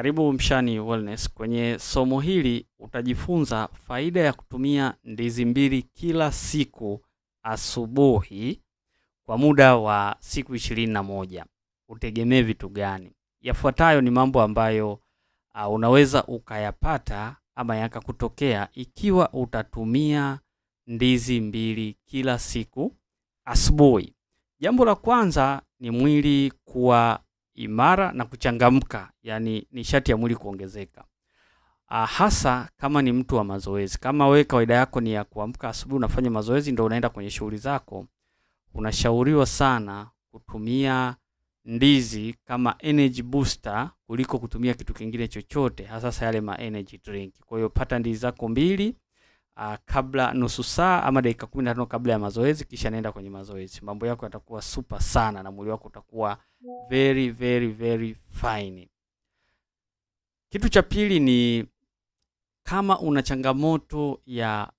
Karibu Mshani Wellness. Kwenye somo hili utajifunza faida ya kutumia ndizi mbili kila siku asubuhi kwa muda wa siku ishirini na moja utegemee vitu gani. Yafuatayo ni mambo ambayo uh, unaweza ukayapata ama yakakutokea ikiwa utatumia ndizi mbili kila siku asubuhi. Jambo la kwanza ni mwili kuwa imara na kuchangamka, yani nishati ya mwili kuongezeka. Ah, hasa kama ni mtu wa mazoezi. Kama wewe kawaida yako ni ya kuamka asubuhi unafanya mazoezi ndio unaenda kwenye shughuli zako, unashauriwa sana kutumia ndizi kama energy booster kuliko kutumia kitu kingine chochote, hasa yale ma energy drink. Kwa hiyo pata ndizi zako mbili Uh, kabla nusu saa ama dakika 15 kabla ya mazoezi, kisha nenda kwenye mazoezi. Mambo yako yatakuwa super sana na mwili wako utakuwa very very very fine. Kitu cha pili ni kama una changamoto ya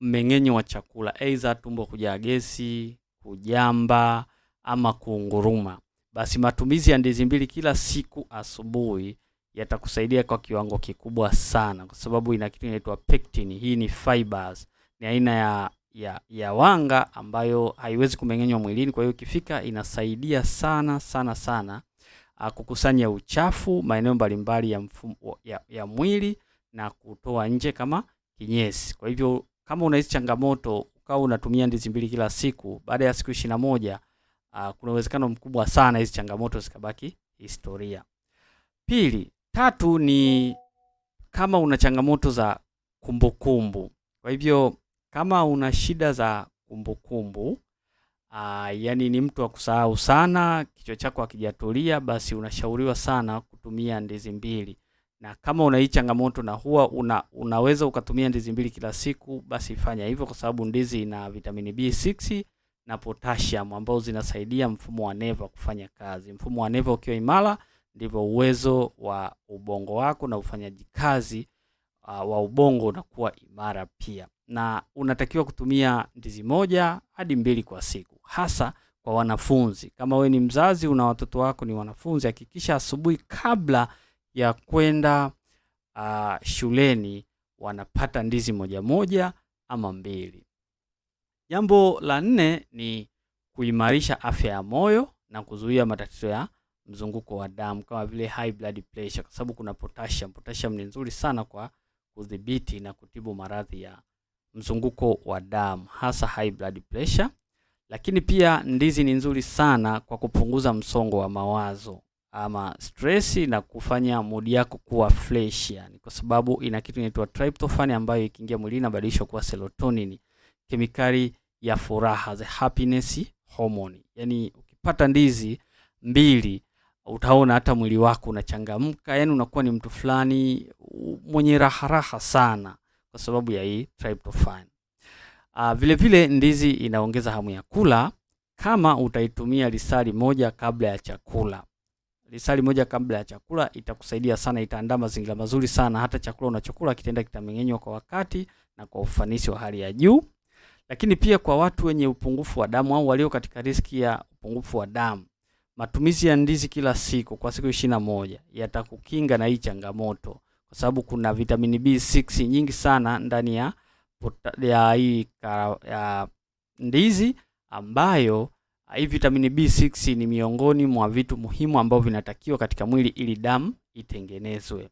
mmeng'enyo wa chakula, aidha tumbo kujaa gesi, kujamba ama kuunguruma, basi matumizi ya ndizi mbili kila siku asubuhi yatakusaidia kwa kiwango kikubwa sana, kwa sababu ina kitu inaitwa pectin. Hii ni fibers, ni aina ya ya, ya wanga ambayo haiwezi kumeng'enywa mwilini. Kwa hiyo ikifika inasaidia sana sana sana ah, kukusanya uchafu maeneo mbalimbali ya, ya, ya mwili na kutoa nje kama kinyesi. Kwa hivyo kama unahisi changamoto ukawa unatumia ndizi mbili kila siku, baada ya siku ishirini na moja uh, kuna uwezekano mkubwa sana hizi changamoto zikabaki historia. Pili, tatu ni kama una changamoto za kumbukumbu. Kwa hivyo kama una shida za kumbukumbu aa, ah, yani ni mtu wa kusahau sana, kichwa chako hakijatulia, basi unashauriwa sana kutumia ndizi mbili, na kama una hii changamoto na huwa una, unaweza ukatumia ndizi mbili kila siku, basi fanya hivyo, kwa sababu ndizi ina vitamini B6 na potassium ambazo zinasaidia mfumo wa neva kufanya kazi. Mfumo wa neva ukiwa imara, ndivyo uwezo wa ubongo wako na ufanyaji kazi uh, wa ubongo unakuwa imara pia, na unatakiwa kutumia ndizi moja hadi mbili kwa siku, hasa kwa wanafunzi. Kama we ni mzazi una watoto wako ni wanafunzi, hakikisha asubuhi kabla ya kwenda uh, shuleni wanapata ndizi moja moja ama mbili. Jambo la nne ni kuimarisha afya ya moyo na kuzuia matatizo ya mzunguko wa damu kama vile high blood pressure, kwa sababu kuna potassium. Potassium ni nzuri sana kwa kudhibiti na kutibu maradhi ya mzunguko wa damu hasa high blood pressure. Lakini pia ndizi ni nzuri sana kwa kupunguza msongo wa mawazo ama stress na kufanya mood yako kuwa fresh, yani kwa sababu ina kitu inaitwa tryptophan ambayo ikiingia mwilini inabadilishwa kuwa serotonin, kemikali ya furaha, the happiness hormone. Yani ukipata ndizi mbili utaona hata mwili wako unachangamka, yani unakuwa ni mtu fulani mwenye raha raha sana kwa sababu ya hii tryptophan. Uh, vile vile ndizi inaongeza hamu ya kula kama utaitumia lisali moja kabla ya chakula. Lisali moja kabla ya chakula itakusaidia sana, itaandaa mazingira mazuri sana, hata chakula unachokula kitenda kitamengenywa kwa wakati na kwa ufanisi wa hali ya juu. Lakini pia kwa watu wenye upungufu wa damu au walio katika riski ya upungufu wa damu Matumizi ya ndizi kila siku kwa siku ishirini na moja yatakukinga na hii changamoto, kwa sababu kuna vitamini B6 nyingi sana ndani ya, ya hii ya ndizi ambayo hii vitamini B6 ni miongoni mwa vitu muhimu ambavyo vinatakiwa katika mwili ili damu itengenezwe.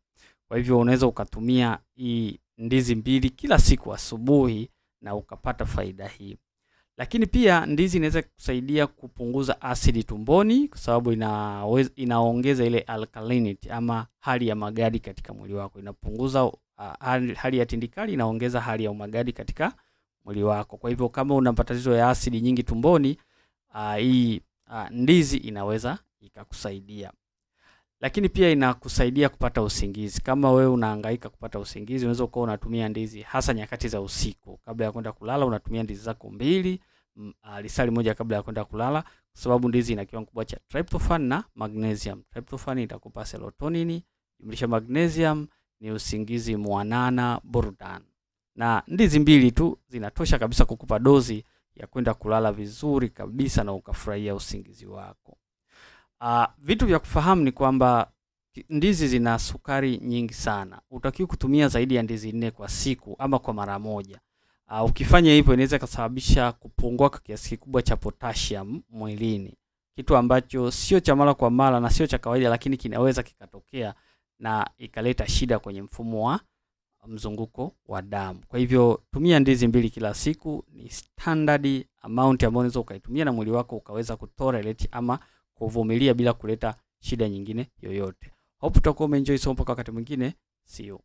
Kwa hivyo unaweza ukatumia hii ndizi mbili kila siku asubuhi na ukapata faida hii. Lakini pia ndizi inaweza kusaidia kupunguza asidi tumboni kwa sababu inaweza, inaongeza ile alkalinity ama hali ya magadi katika mwili wako. Inapunguza uh, hali ya tindikali, inaongeza hali ya umagadi katika mwili wako. Kwa hivyo kama una matatizo ya asidi nyingi tumboni, uh, hii uh, ndizi inaweza ikakusaidia. Lakini pia inakusaidia kupata usingizi. Kama wewe unahangaika kupata usingizi, unaweza ukawa unatumia ndizi hasa nyakati za usiku, kabla ya kwenda kulala, unatumia ndizi zako mbili Ah, lisali moja kabla ya kwenda kulala, kwa sababu ndizi ina kiwango kubwa cha tryptophan na magnesium. Tryptophan itakupa serotonin, jumlisha magnesium ni usingizi mwanana, burudani. Na ndizi mbili tu zinatosha kabisa kukupa dozi ya kwenda kulala vizuri kabisa na ukafurahia usingizi wako. Uh, vitu vya kufahamu ni kwamba ndizi zina sukari nyingi sana. Utakiwa kutumia zaidi ya ndizi nne kwa siku ama kwa mara moja. Uh, ukifanya hivyo inaweza ikasababisha kupungua kwa kiasi kikubwa cha potassium mwilini, kitu ambacho sio cha mara kwa mara na sio cha kawaida, lakini kinaweza kikatokea na ikaleta shida kwenye mfumo wa mzunguko wa damu. Kwa hivyo tumia ndizi mbili kila siku, ni standard amount ambayo unaweza ukaitumia na mwili wako ukaweza kutolerate ama kuvumilia bila kuleta shida nyingine yoyote. Hope utakuwa umeenjoy somo. Mpaka wakati mwingine, see you.